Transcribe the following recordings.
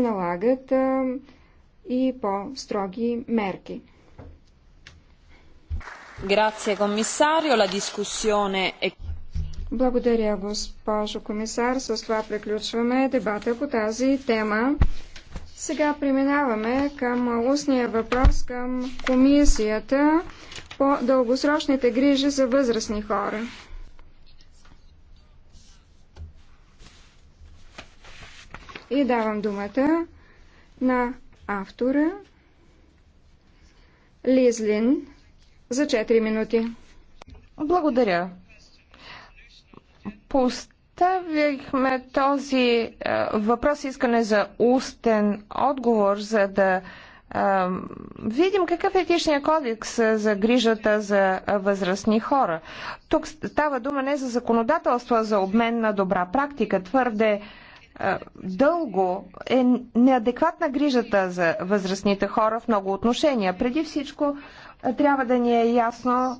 налагат налагат и по-строги мерки. Grazie commissario, la discussione è... Благодаря, госпожо комисар. С това приключваме дебата по тази тема. Сега преминаваме към устния въпрос към комисията по дългосрочните грижи за възрастни хора. И давам думата на автора Лизлин за 4 минути. Благодаря. Поставихме този е, въпрос искане за устен отговор, за да е, видим какъв е етичният кодекс за грижата за възрастни хора. Тук става дума не за законодателство, а за обмен на добра практика. Твърде дълго е неадекватна грижата за възрастните хора в много отношения. Преди всичко трябва да ни е ясно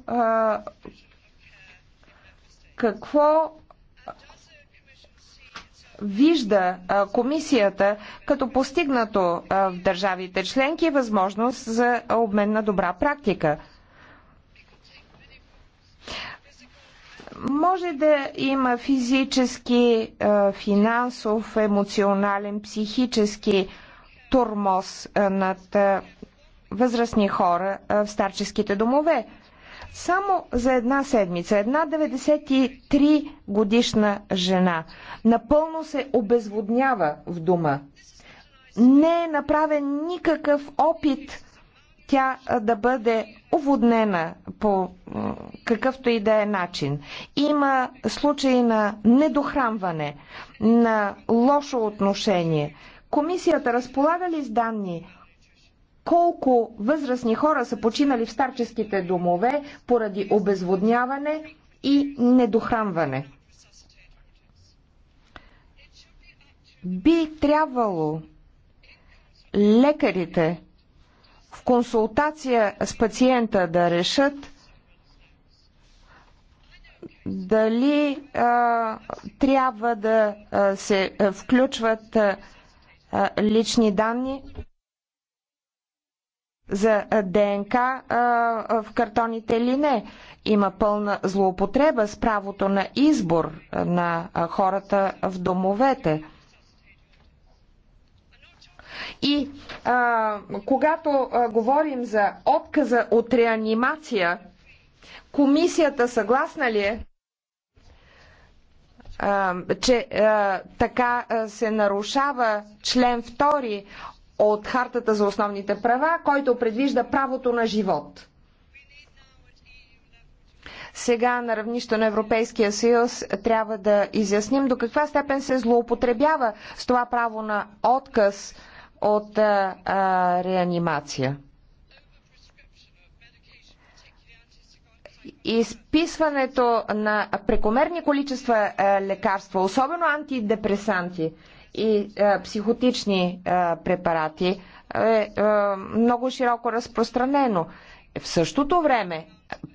какво вижда комисията като постигнато в държавите членки е възможност за обмен на добра практика. може да има физически, е, финансов, емоционален, психически турмоз е, над е, възрастни хора в старческите домове. Само за една седмица една 93 годишна жена напълно се обезводнява в дома. Не е направен никакъв опит тя да бъде уводнена по какъвто и да е начин. Има случаи на недохранване, на лошо отношение. Комисията разполага ли с данни колко възрастни хора са починали в старческите домове поради обезводняване и недохранване? Би трябвало лекарите в консултация с пациента да решат дали а, трябва да а, се включват а, лични данни за ДНК а, в картоните или не. Има пълна злоупотреба с правото на избор на хората в домовете. И а, когато а, говорим за отказа от реанимация, комисията съгласна ли е, а, че а, така а, се нарушава член 2 от Хартата за основните права, който предвижда правото на живот? сега на равнище на Европейския съюз трябва да изясним до каква степен се злоупотребява с това право на отказ от а, а, реанимация. Изписването на прекомерни количества а, лекарства, особено антидепресанти и а, психотични а, препарати, е а, е, много широко разпространено. В същото време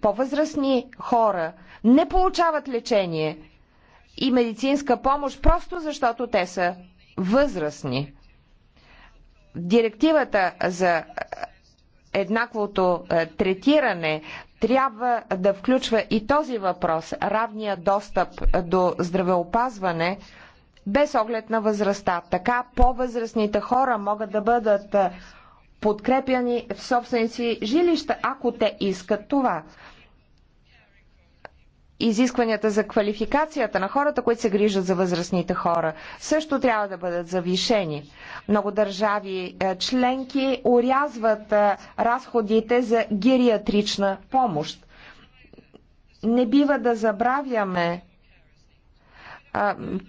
по-възрастни хора не получават лечение и медицинска помощ просто защото те са възрастни. Директивата за еднаквото е, третиране трябва да включва и този въпрос равния достъп е, до здравеопазване без оглед на възрастта. Така по-възрастните хора могат да бъдат е, подкрепяни в собствените си жилища, ако те искат това изискванията за квалификацията на хората, които се грижат за възрастните хора, също трябва да бъдат завишени. Много държави е, членки урязват е, разходите за гериатрична помощ. Не бива да забравяме, е,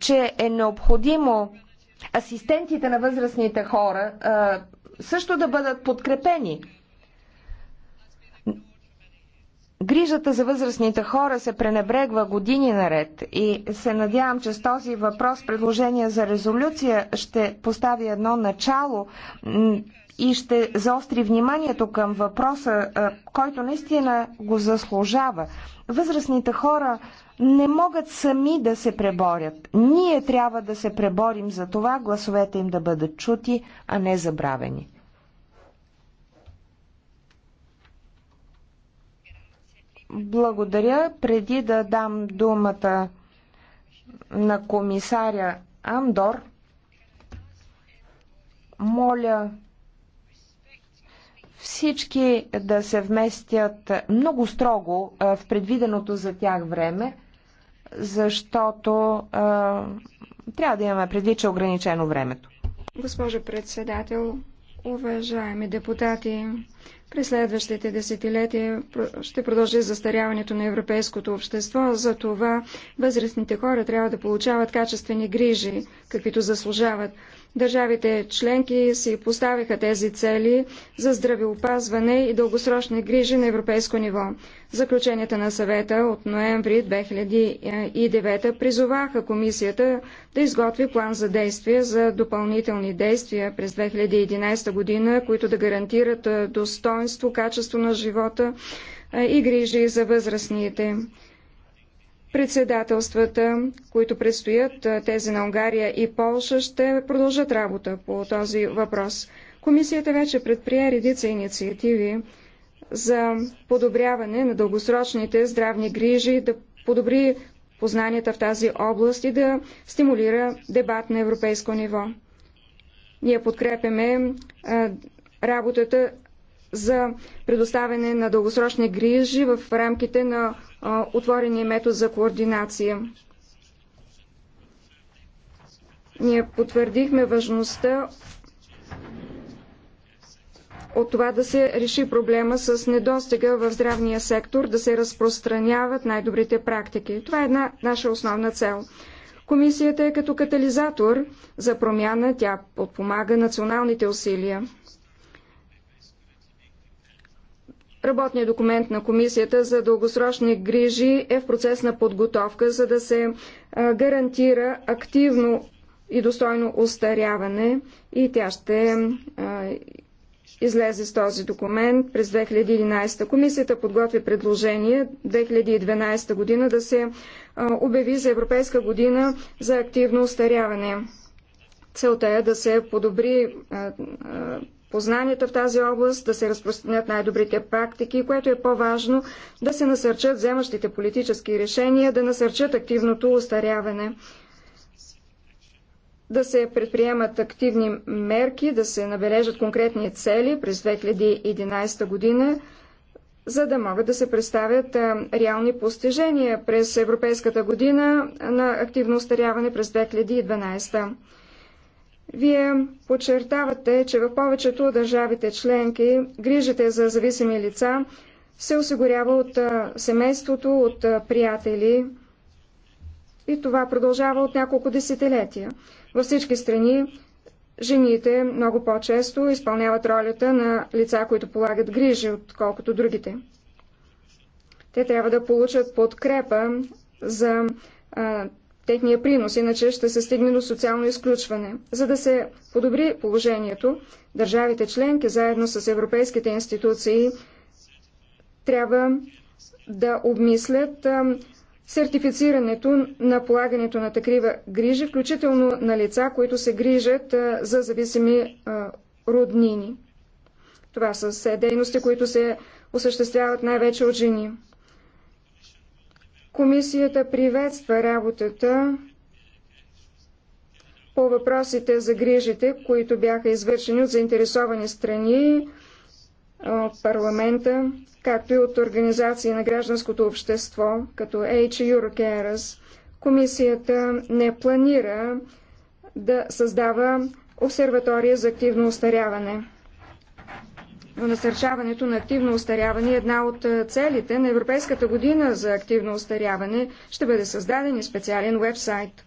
че е необходимо асистентите на възрастните хора също да бъдат подкрепени. Грижата за възрастните хора се пренебрегва години наред и се надявам, че с този въпрос предложение за резолюция ще постави едно начало и ще заостри вниманието към въпроса, е, който наистина го заслужава. Възрастните хора не могат сами да се преборят. Ние трябва да се преборим за това гласовете им да бъдат чути, а не забравени. Благодаря. Преди да дам думата на комисаря Андор, моля всички да се вместят много строго в предвиденото за тях време, защото трябва да имаме предвид, че е ограничено времето. Госпожо председател, Уважаеми депутати, през следващите десетилетия ще продължи застаряването на европейското общество, за това възрастните хора трябва да получават качествени грижи, каквито заслужават. Държавите членки си поставиха тези цели за здравеопазване и дългосрочни грижи на европейско ниво. Заключенията на съвета от ноември 2009 призоваха комисията да изготви план за действие за допълнителни действия през 2011 година, които да гарантират достоинство, качество на живота и грижи за възрастните. Председателствата, които предстоят, тези на Унгария и Полша, ще продължат работа по този въпрос. Комисията вече предприе редица инициативи за подобряване на дългосрочните здравни грижи, да подобри познанията в тази област и да стимулира дебат на европейско ниво. Ние подкрепяме работата за предоставяне на дългосрочни грижи в рамките на отворения метод за координация. Ние потвърдихме важността от това да се реши проблема с недостига в здравния сектор, да се разпространяват най-добрите практики. Това е една наша основна цел. Комисията е като катализатор за промяна, тя подпомага националните усилия. Работният документ на Комисията за дългосрочни грижи е в процес на подготовка, за да се гарантира активно и достойно устаряване и тя ще излезе с този документ през 2011. Комисията подготви предложение 2012 година да се обяви за Европейска година за активно устаряване. Целта е да се подобри познанията в тази област, да се разпространят най-добрите практики, което е по-важно да се насърчат вземащите политически решения, да насърчат активното устаряване, да се предприемат активни мерки, да се набележат конкретни цели през 2011 година, за да могат да се представят реални постижения през Европейската година на активно устаряване през 2012. Вие подчертавате, че в повечето от държавите членки грижите за зависими лица се осигурява от семейството, от приятели и това продължава от няколко десетилетия. Във всички страни жените много по-често изпълняват ролята на лица, които полагат грижи, отколкото другите. Те трябва да получат подкрепа за техния принос, иначе ще се стигне до социално изключване. За да се подобри положението, държавите членки заедно с европейските институции трябва да обмислят сертифицирането на полагането на такива грижи, включително на лица, които се грижат за зависими роднини. Това са дейности, които се осъществяват най-вече от жени. Комисията приветства работата по въпросите за грижите, които бяха извършени от заинтересовани страни, от парламента, както и от организации на гражданското общество, като H Eurocares. Комисията не планира да създава обсерватория за активно устаряване насърчаването на активно остаряване. Една от е, целите на Европейската година за активно остаряване ще бъде създаден и специален вебсайт.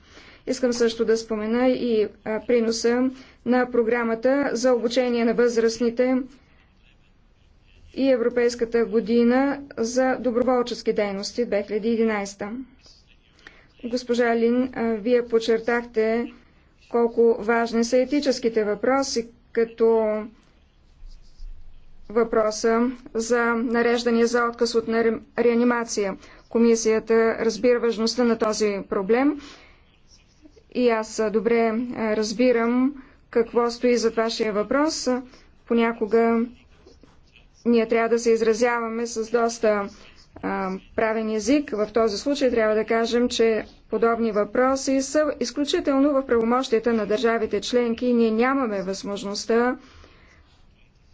Искам също да спомена и е, приноса на програмата за обучение на възрастните и Европейската година за доброволчески дейности 2011. Госпожа Лин, е, вие подчертахте колко важни са етическите въпроси, като въпроса за нареждане за отказ от реанимация. Комисията разбира важността на този проблем и аз добре е, разбирам какво стои зад вашия въпрос. Понякога ние трябва да се изразяваме с доста е, правен език. В този случай трябва да кажем, че подобни въпроси са изключително в правомощията на държавите членки и ние нямаме възможността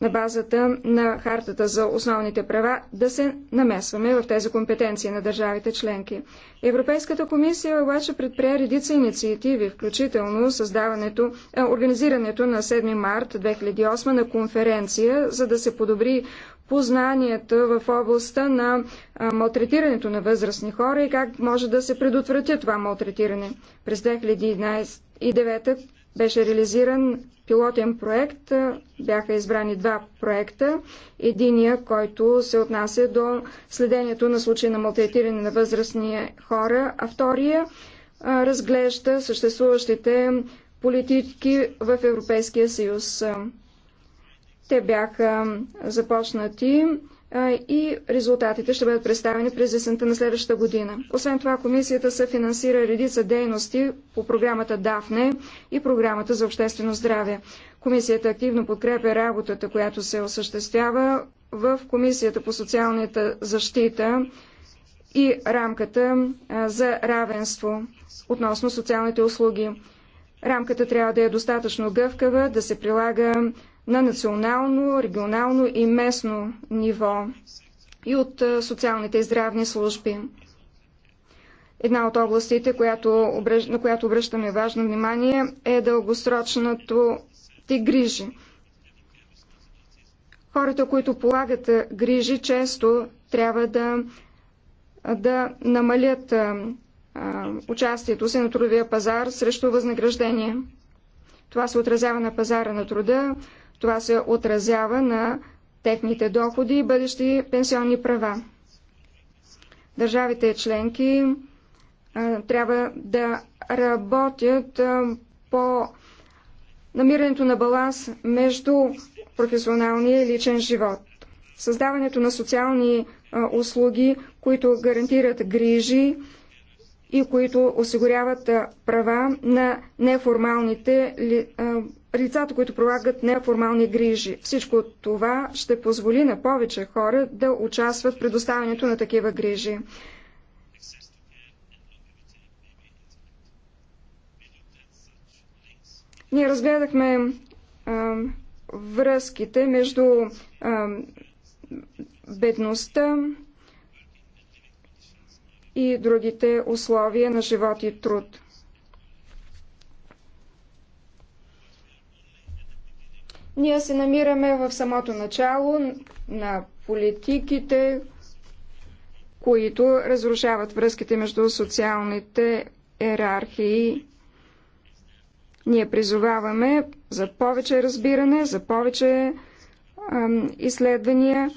на базата на Хартата за основните права да се намесваме в тези компетенции на държавите членки. Европейската комисия обаче предприе редица инициативи, включително създаването, е, организирането на 7 март 2008 на конференция, за да се подобри познанията в областта на е, малтретирането на възрастни хора и как може да се предотврати това малтретиране. През 2009 беше реализиран пилотен проект бяха избрани два проекта. Единия, който се отнася до следението на случай на малтретиране на възрастни хора, а втория разглежда съществуващите политики в Европейския съюз. Те бяха започнати и резултатите ще бъдат представени през есента на следващата година. Освен това, комисията се финансира редица дейности по програмата ДАФНЕ и програмата за обществено здраве. Комисията активно подкрепя работата, която се осъществява в Комисията по социалната защита и рамката за равенство относно социалните услуги. Рамката трябва да е достатъчно гъвкава, да се прилага на национално, регионално и местно ниво и от социалните и здравни служби. Една от областите, която, на която обръщаме важно внимание, е дългосрочното ти грижи. Хората, които полагат грижи, често трябва да, да намалят а, участието си на трудовия пазар срещу възнаграждение. Това се отразява на пазара на труда, това се отразява на техните доходи и бъдещи пенсионни права. Държавите членки а, трябва да работят а, по намирането на баланс между професионалния и личен живот. Създаването на социални а, услуги, които гарантират грижи и които осигуряват права на неформалните ли, лицата, които пролагат неформални грижи. Всичко това ще позволи на повече хора да участват в предоставянето на такива грижи. Ние разгледахме а, връзките между а, бедността и другите условия на живот и труд. Ние се намираме в самото начало на политиките, които разрушават връзките между социалните ерархии. Ние призоваваме за повече разбиране, за повече ам, изследвания,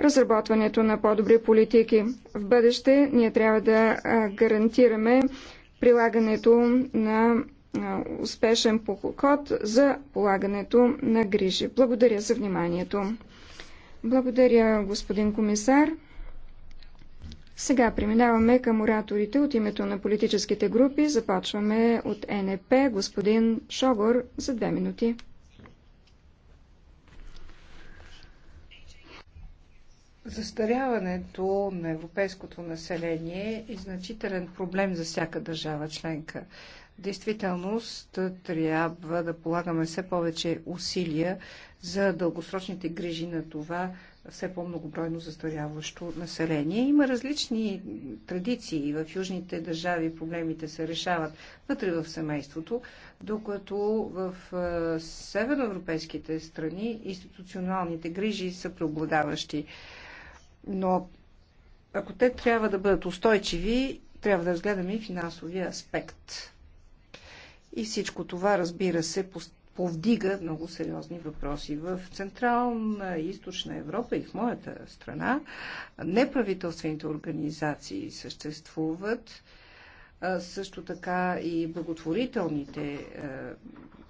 разработването на по-добри политики. В бъдеще ние трябва да гарантираме прилагането на успешен подход за полагането на грижи. Благодаря за вниманието. Благодаря, господин комисар. Сега преминаваме към ораторите от името на политическите групи. Започваме от НП, господин Шогор, за две минути. Застаряването на европейското население е значителен проблем за всяка държава членка действителност трябва да полагаме все повече усилия за дългосрочните грижи на това все по-многобройно застаряващо население. Има различни традиции. В южните държави проблемите се решават вътре в семейството, докато в северноевропейските страни институционалните грижи са преобладаващи. Но ако те трябва да бъдат устойчиви, трябва да разгледаме и финансовия аспект. И всичко това, разбира се, повдига много сериозни въпроси. В Централна и Източна Европа и в моята страна неправителствените организации съществуват, също така и благотворителните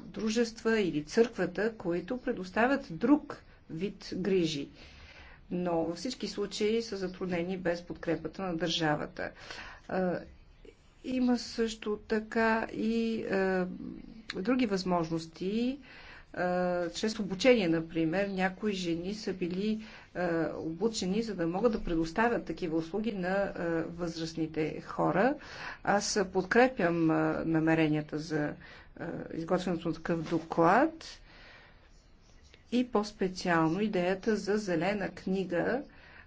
дружества или църквата, които предоставят друг вид грижи. Но във всички случаи са затруднени без подкрепата на държавата. Има също така и е, други възможности. Е, чрез обучение, например, някои жени са били е, обучени, за да могат да предоставят такива услуги на е, възрастните хора. Аз подкрепям е, намеренията за е, изготвянето на такъв доклад и по-специално идеята за зелена книга,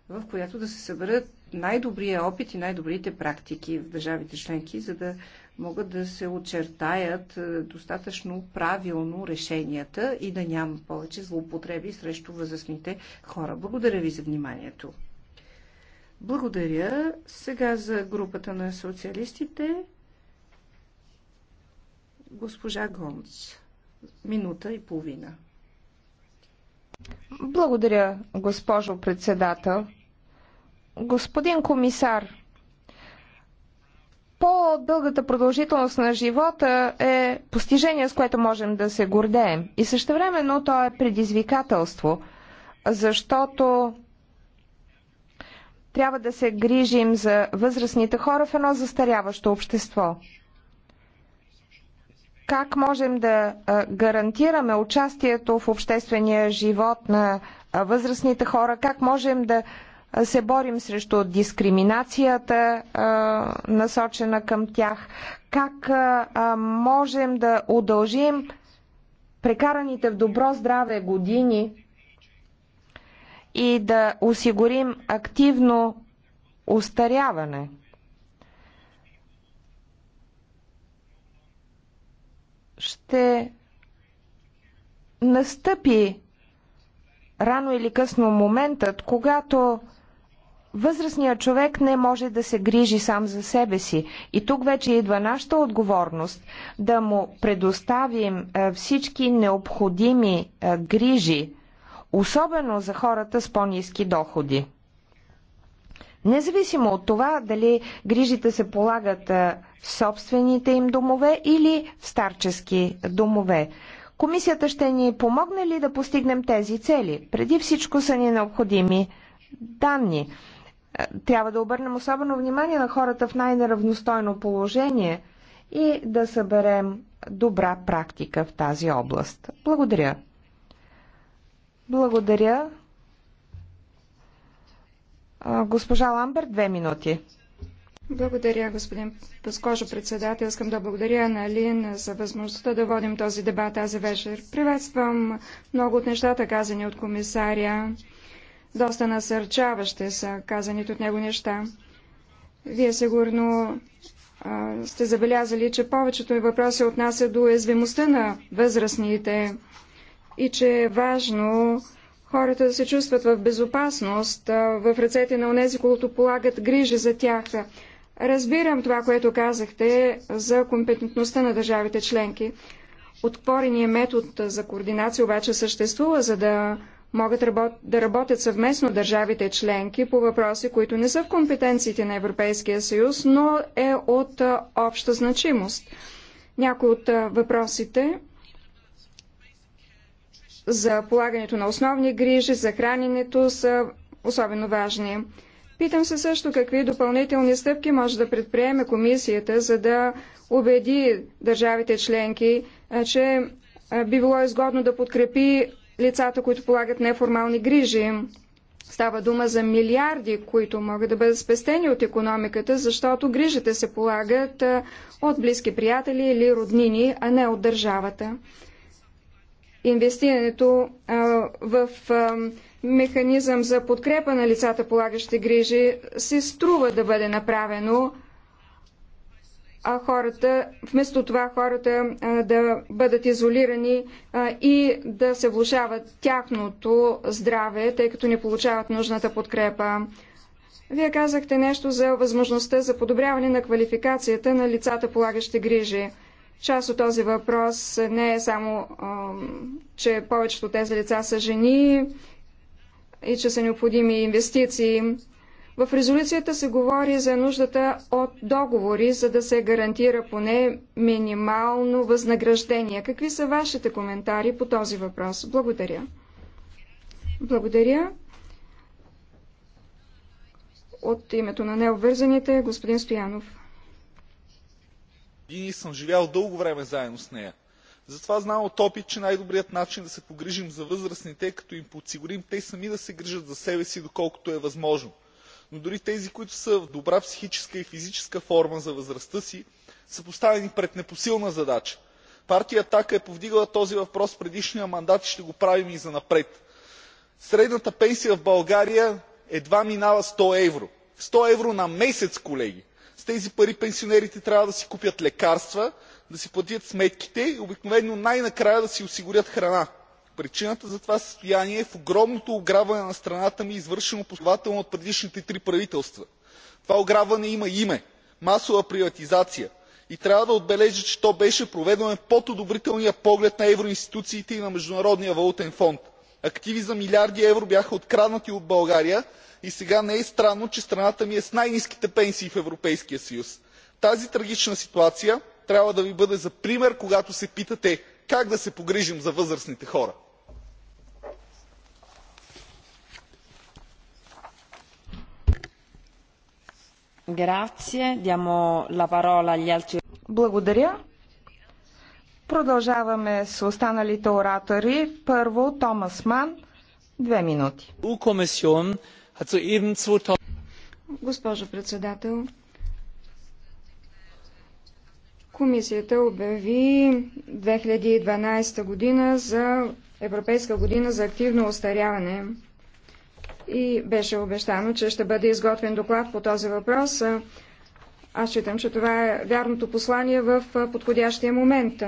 в която да се съберат най-добрия опит и най-добрите практики в държавите членки, за да могат да се очертаят е, достатъчно правилно решенията и да няма повече злоупотреби срещу възрастните хора. Благодаря ви за вниманието. Благодаря. Сега за групата на социалистите госпожа Гонц. Минута и половина. Благодаря, госпожо председател. Господин комисар, по-дългата продължителност на живота е постижение, с което можем да се гордеем. И същевременно то е предизвикателство, защото трябва да се грижим за възрастните хора в едно застаряващо общество. Как можем да гарантираме участието в обществения живот на възрастните хора? Как можем да се борим срещу дискриминацията, насочена към тях, как можем да удължим прекараните в добро здраве години и да осигурим активно устаряване. Ще настъпи рано или късно моментът, когато Възрастният човек не може да се грижи сам за себе си. И тук вече идва нашата отговорност да му предоставим е, всички необходими е, грижи, особено за хората с по-низки доходи. Независимо от това дали грижите се полагат е, в собствените им домове или в старчески домове. Комисията ще ни помогне ли да постигнем тези цели? Преди всичко са ни необходими данни. Трябва да обърнем особено внимание на хората в най-неравностойно положение и да съберем добра практика в тази област. Благодаря. Благодаря. Госпожа Ламбер, две минути. Благодаря, господин Паскожо председател. Искам да благодаря на Лин за възможността да водим този дебат тази вечер. Приветствам много от нещата, казани от комисаря. Доста насърчаващи са казаните от него неща. Вие сигурно а, сте забелязали, че повечето въпроси отнася до уязвимостта на възрастните и че е важно хората да се чувстват в безопасност, в ръцете на онези, които полагат грижи за тях. Разбирам това, което казахте за компетентността на държавите членки. Отпорения метод за координация обаче съществува, за да могат да работят съвместно държавите членки по въпроси, които не са в компетенциите на Европейския съюз, но е от обща значимост. Някои от въпросите за полагането на основни грижи, за храненето са особено важни. Питам се също какви допълнителни стъпки може да предприеме комисията, за да убеди държавите членки, че би било изгодно да подкрепи лицата, които полагат неформални грижи. Става дума за милиарди, които могат да бъдат спестени от економиката, защото грижите се полагат от близки приятели или роднини, а не от държавата. Инвестирането в механизъм за подкрепа на лицата, полагащи грижи, се струва да бъде направено, а хората, вместо това хората да бъдат изолирани и да се влушават тяхното здраве, тъй като не получават нужната подкрепа. Вие казахте нещо за възможността за подобряване на квалификацията на лицата, полагащи грижи. Част от този въпрос не е само, че повечето тези лица са жени и че са необходими инвестиции в резолюцията се говори за нуждата от договори, за да се гарантира поне минимално възнаграждение. Какви са вашите коментари по този въпрос? Благодаря. Благодаря. От името на необвързаните, господин Стоянов. И съм живял дълго време заедно с нея. Затова знам от опит, че най-добрият начин да се погрижим за възрастните е като им подсигурим те сами да се грижат за себе си, доколкото е възможно – но дори тези които са в добра психическа и физическа форма за възрастта си са поставени пред непосилна задача. партия „атака” е повдигала този въпрос в предишния мандат и ще го правим и занапред. средната пенсия в българия едва минава сто евро. сто евро на месец колеги! с тези пари пенсионерите трябва да си купят лекарства да си платят сметките и обикновено най накрая да си осигурят храна причината за това състояние е в огромното ограбване на страната ни извършено последователно от предишните три правителства. това ограбване има име масова приватизация и трябва да отбележа че то беше проведено под одобрителния поглед на евроинституциите и на международния валутен фонд. активи за милиарди евро бяха откраднати от българя и сега не е странно че страната ни е с най ниските пенсии в европейския съюз. тази трагична ситуация трябва да ви бъде за пример когато се питате как да се погрижим за възрастните хора. Благодаря. Продължаваме с останалите оратори. Първо Томас Ман, две минути. Госпожо председател, Комисията обяви 2012 година за Европейска година за активно остаряване и беше обещано, че ще бъде изготвен доклад по този въпрос. Аз считам, че това е вярното послание в подходящия момент.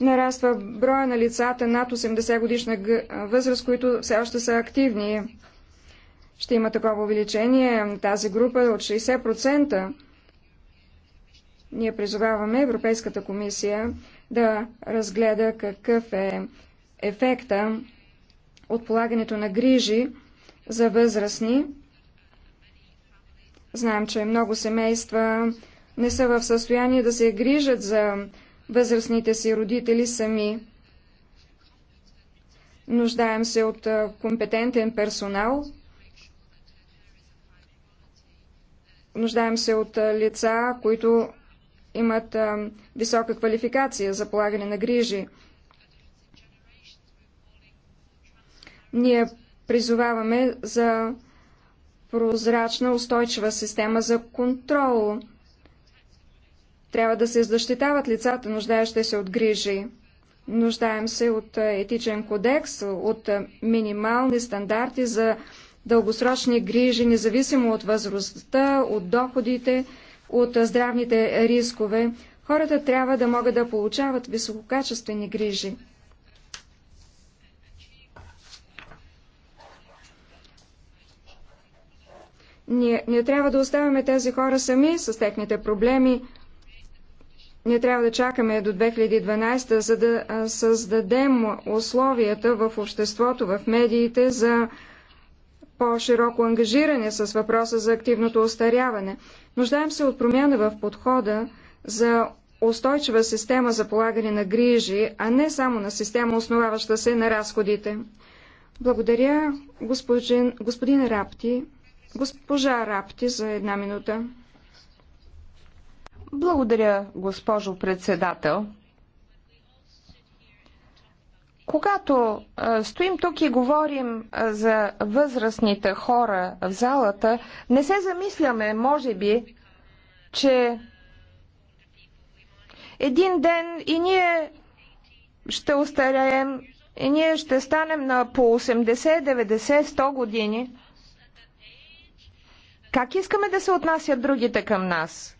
Нараства броя на лицата над 80 годишна възраст, които все още са активни. Ще има такова увеличение тази група е от 60%. Ние призоваваме Европейската комисия да разгледа какъв е ефекта от полагането на грижи за възрастни. Знаем, че много семейства не са в състояние да се грижат за възрастните си родители сами. Нуждаем се от компетентен персонал, нуждаем се от лица, които имат висока квалификация за полагане на грижи Ние призоваваме за прозрачна, устойчива система за контрол. Трябва да се защитават лицата, нуждаещи се от грижи. Нуждаем се от е, етичен кодекс, от е, минимални стандарти за дългосрочни грижи, независимо от възрастта, от доходите, от е, здравните рискове. Хората трябва да могат да получават висококачествени грижи. Ние, ние трябва да оставяме тези хора сами с техните проблеми. Ние трябва да чакаме до 2012, за да създадем условията в обществото, в медиите за по-широко ангажиране с въпроса за активното остаряване. Нуждаем се от промяна в подхода за устойчива система за полагане на грижи, а не само на система, основаваща се на разходите. Благодаря, господин, господин Рапти. Госпожа Рапти за една минута. Благодаря, госпожо председател. Когато стоим тук и говорим за възрастните хора в залата, не се замисляме, може би, че един ден и ние ще устареем, и ние ще станем на по 80, 90, 100 години – как искаме да се отнасят другите към нас?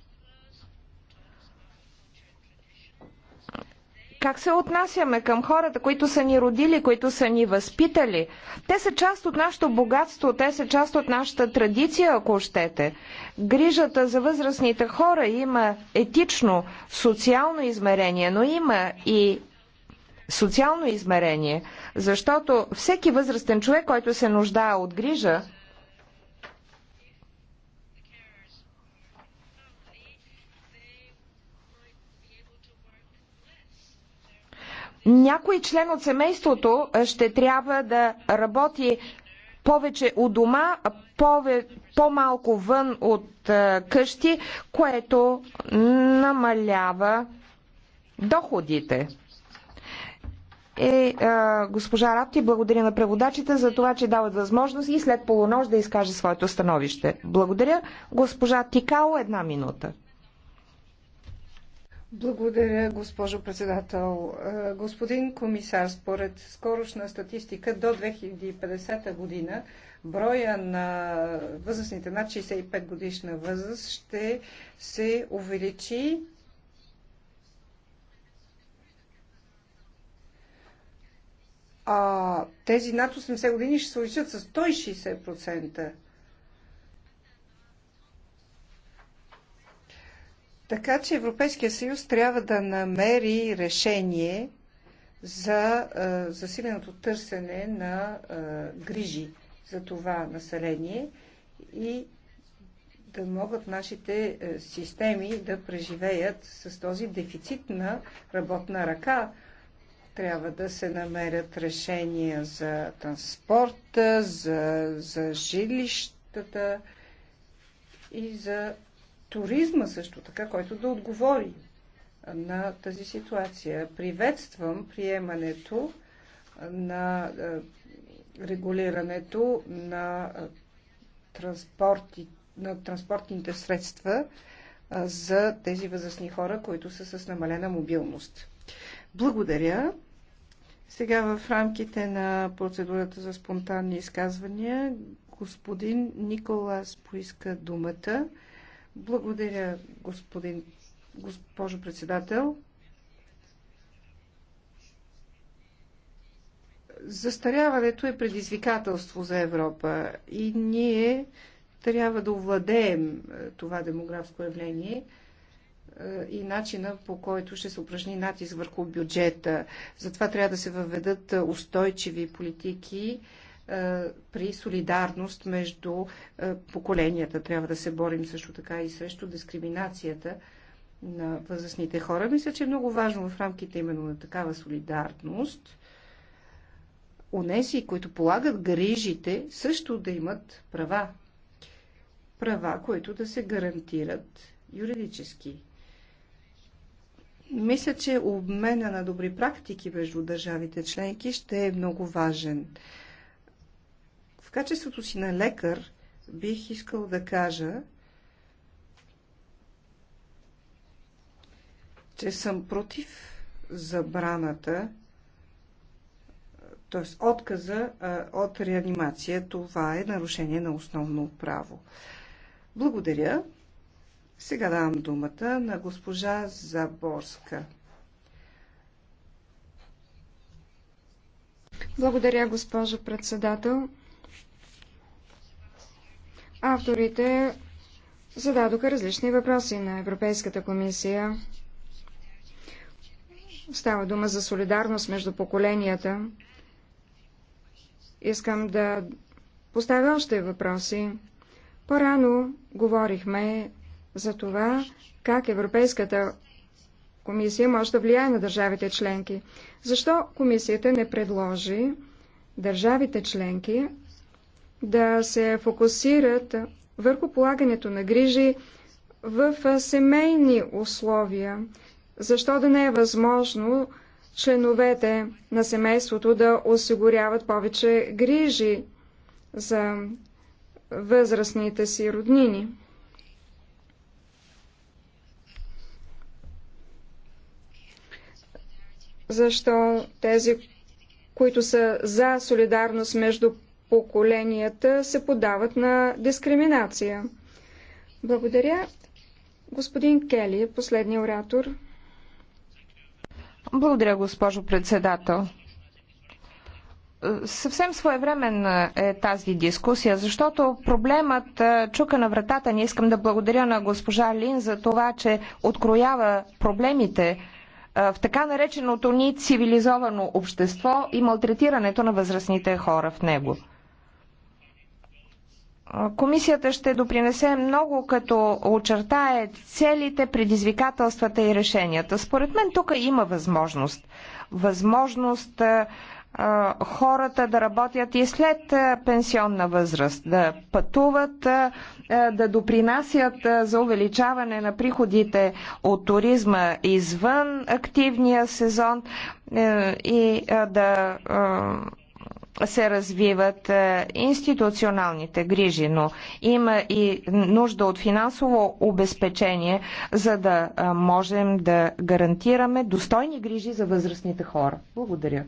Как се отнасяме към хората, които са ни родили, които са ни възпитали? Те са част от нашето богатство, те са част от нашата традиция, ако щете. Грижата за възрастните хора има етично, социално измерение, но има и социално измерение, защото всеки възрастен човек, който се нуждае от грижа, някой член от семейството ще трябва да работи повече у дома, пове, по-малко вън от а, къщи, което намалява доходите. Е, а, госпожа Рапти, благодаря на преводачите за това, че дават възможност и след полунощ да изкаже своето становище. Благодаря. Госпожа Тикао, една минута. Благодаря, госпожо председател. Е, господин комисар, според скорошна статистика до 2050 година броя на възрастните над 65 годишна възраст ще се увеличи а тези над 80 години ще се увеличат с 160%. Така че Европейския съюз трябва да намери решение за засиленото търсене на грижи за това население и да могат нашите системи да преживеят с този дефицит на работна ръка. Трябва да се намерят решения за транспорта, за, за жилищата и за туризма също така, който да отговори на тази ситуация. Приветствам приемането на е, регулирането на, е, транспорти, на транспортните средства е, за тези възрастни хора, които са с намалена мобилност. Благодаря. Сега в рамките на процедурата за спонтанни изказвания господин Николас поиска думата. Благодаря, господин, госпожо председател. Застаряването е предизвикателство за Европа и ние трябва да овладеем е, това демографско явление е, и начина по който ще се упражни натиск върху бюджета. Затова трябва да се въведат е, устойчиви политики, е, при солидарност между е, поколенията. Трябва да се борим също така и срещу дискриминацията на възрастните хора. Мисля, че е много важно в рамките именно на такава солидарност онези, които полагат грижите, също да имат права. Права, които да се гарантират юридически. Мисля, че обмена на добри практики между държавите членки ще е много важен качеството си на лекар бих искал да кажа, че съм против забраната, т.е. отказа от реанимация. Това е нарушение на основно право. Благодаря. Сега давам думата на госпожа Заборска. Благодаря, госпожо председател. Авторите зададоха различни въпроси на Европейската комисия. Става дума за солидарност между поколенията. Искам да поставя още въпроси. По-рано говорихме за това, как Европейската комисия може да влияе на държавите членки. Защо комисията не предложи държавите членки да се фокусират върху полагането на грижи в семейни условия. Защо да не е възможно членовете на семейството да осигуряват повече грижи за възрастните си роднини? Защо тези, които са за солидарност между поколенията се подават на дискриминация. Благодаря. Господин Кели е последния оратор. Благодаря, госпожо председател. Съвсем своевременна е тази дискусия, защото проблемът чука на вратата. Не искам да благодаря на госпожа Лин за това, че откроява проблемите в така нареченото ни цивилизовано общество и малтретирането на възрастните хора в него. Комисията ще допринесе много, като очертае целите, предизвикателствата и решенията. Според мен тук има възможност. Възможност хората да работят и след пенсионна възраст, да пътуват, да допринасят за увеличаване на приходите от туризма извън активния сезон е, и да се развиват е, институционалните грижи, но има и нужда от финансово обезпечение, за да е, можем да гарантираме достойни грижи за възрастните хора. Благодаря.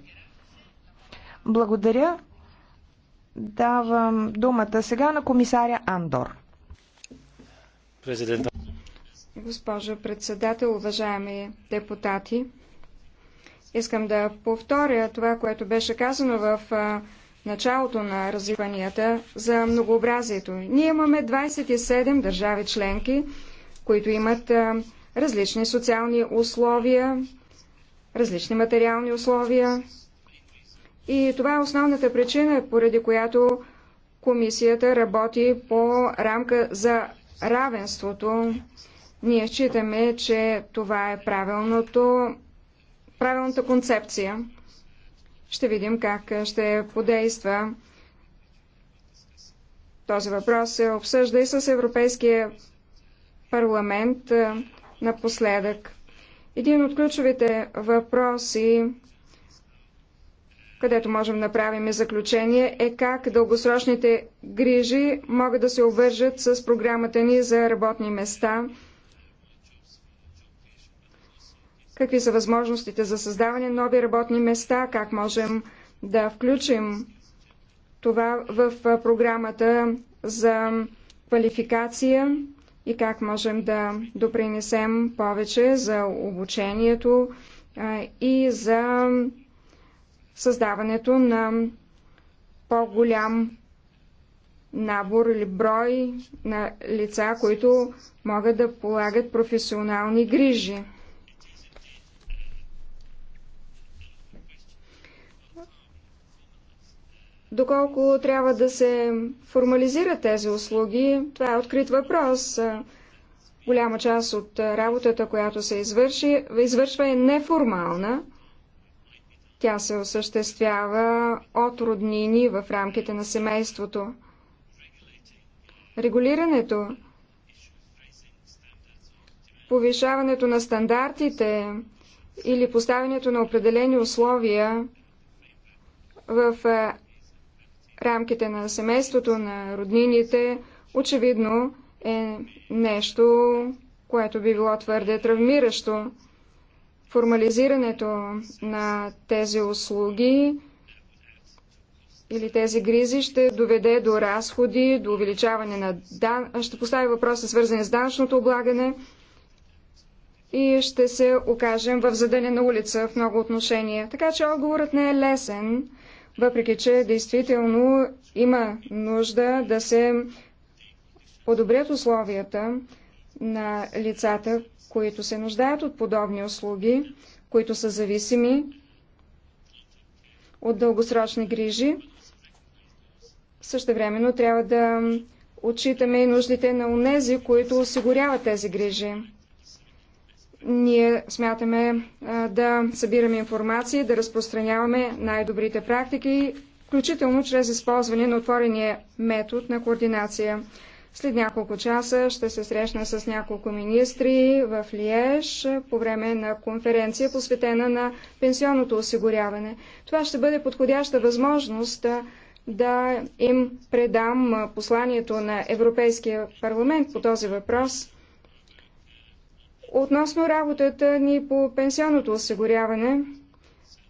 Благодаря. Давам думата сега на комисаря Андор. Президента. Госпожо председател, уважаеми депутати, Искам да повторя това, което беше казано в началото на разискванията за многообразието. Ние имаме 27 държави членки, които имат различни социални условия, различни материални условия. И това е основната причина, поради която комисията работи по рамка за равенството. Ние считаме, че това е правилното правилната концепция. Ще видим как ще подейства. Този въпрос се обсъжда и с Европейския парламент напоследък. Един от ключовите въпроси, където можем да направим и заключение, е как дългосрочните грижи могат да се обвържат с програмата ни за работни места – какви са възможностите за създаване на нови работни места, как можем да включим това в програмата за квалификация и как можем да допринесем повече за обучението и за създаването на по-голям набор или брой на лица, които могат да полагат професионални грижи. Доколко трябва да се формализират тези услуги, това е открит въпрос. Голяма част от работата, която се извърши, извършва е неформална. Тя се осъществява от роднини в рамките на семейството. Регулирането, повишаването на стандартите или поставянето на определени условия в рамките на семейството, на роднините, очевидно е нещо, което би било твърде травмиращо. Формализирането на тези услуги или тези гризи ще доведе до разходи, до увеличаване на дан... ще постави въпроса свързани с данъчното облагане и ще се окажем в задънена улица в много отношения. Така че отговорът не е лесен въпреки че действително има нужда да се подобрят условията на лицата, които се нуждаят от подобни услуги, които са зависими от дългосрочни грижи. Същевременно трябва да отчитаме и нуждите на унези, които осигуряват тези грижи. Ние смятаме да събираме информация, да разпространяваме най-добрите практики, включително чрез използване на отворения метод на координация. След няколко часа ще се срещна с няколко министри в Лиеж по време на конференция, посветена на пенсионното осигуряване. Това ще бъде подходяща възможност да им предам посланието на Европейския парламент по този въпрос. Относно работата ни по пенсионното осигуряване,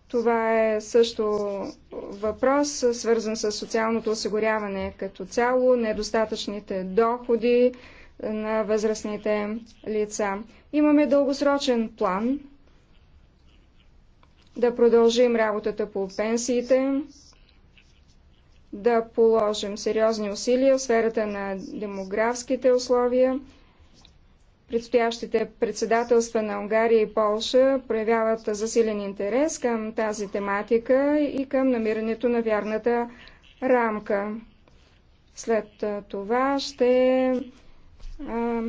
това е също въпрос, свързан с социалното осигуряване като цяло, недостатъчните доходи на възрастните лица. Имаме дългосрочен план да продължим работата по пенсиите, да положим сериозни усилия в сферата на демографските условия, Предстоящите председателства на Унгария и Полша проявяват засилен интерес към тази тематика и към намирането на вярната рамка. След това ще а,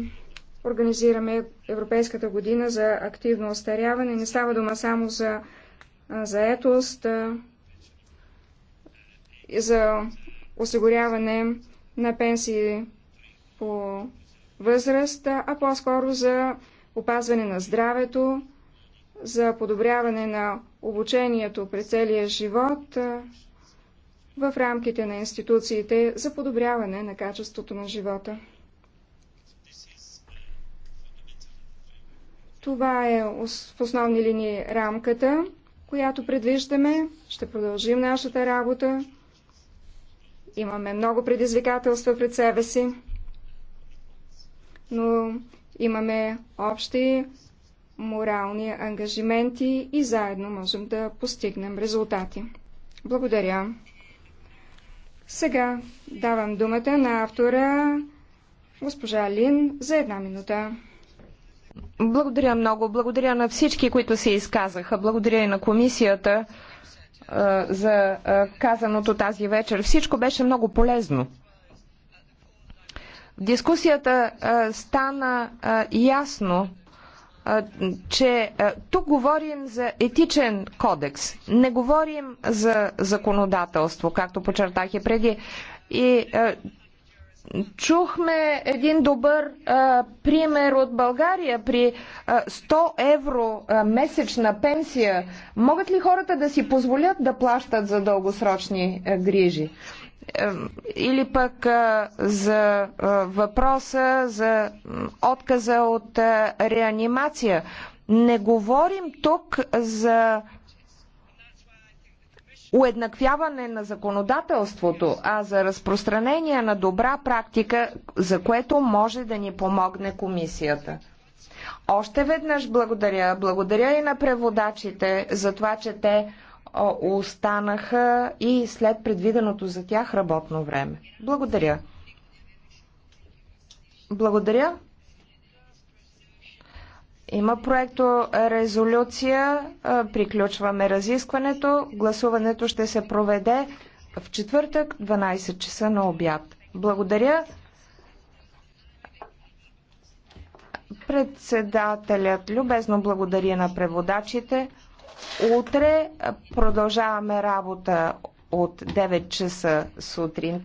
организираме Европейската година за активно остаряване. Не става дума само за заетост, за осигуряване на пенсии по възраст, а по-скоро за опазване на здравето, за подобряване на обучението през целия живот в рамките на институциите за подобряване на качеството на живота. Това е в основни линии рамката, която предвиждаме. Ще продължим нашата работа. Имаме много предизвикателства пред себе си но имаме общи морални ангажименти и заедно можем да постигнем резултати. Благодаря. Сега давам думата на автора госпожа Лин за една минута. Благодаря много. Благодаря на всички, които се изказаха. Благодаря и на комисията за казаното тази вечер. Всичко беше много полезно. В дискусията стана ясно, че тук говорим за етичен кодекс, не говорим за законодателство, както почертах и преди. И чухме един добър а, пример от България. При а, 100 евро а, месечна пенсия могат ли хората да си позволят да плащат за дългосрочни а, грижи? или пък за въпроса за отказа от реанимация. Не говорим тук за уеднаквяване на законодателството, а за разпространение на добра практика, за което може да ни помогне комисията. Още веднъж благодаря. Благодаря и на преводачите за това, че те останаха и след предвиденото за тях работно време. Благодаря. Благодаря. Има проекто резолюция. Приключваме разискването. Гласуването ще се проведе в четвъртък 12 часа на обяд. Благодаря. Председателят любезно благодаря на преводачите. Утре продължаваме работа от 9 часа сутрин.